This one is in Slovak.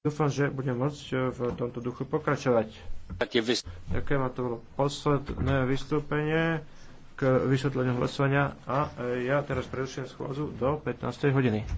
Dúfam, že budem môcť e, v tomto duchu pokračovať. Ďakujem, a to bolo posledné vystúpenie k vysvetleniu hlasovania a e, ja teraz preruším schôdzu do 15. hodiny.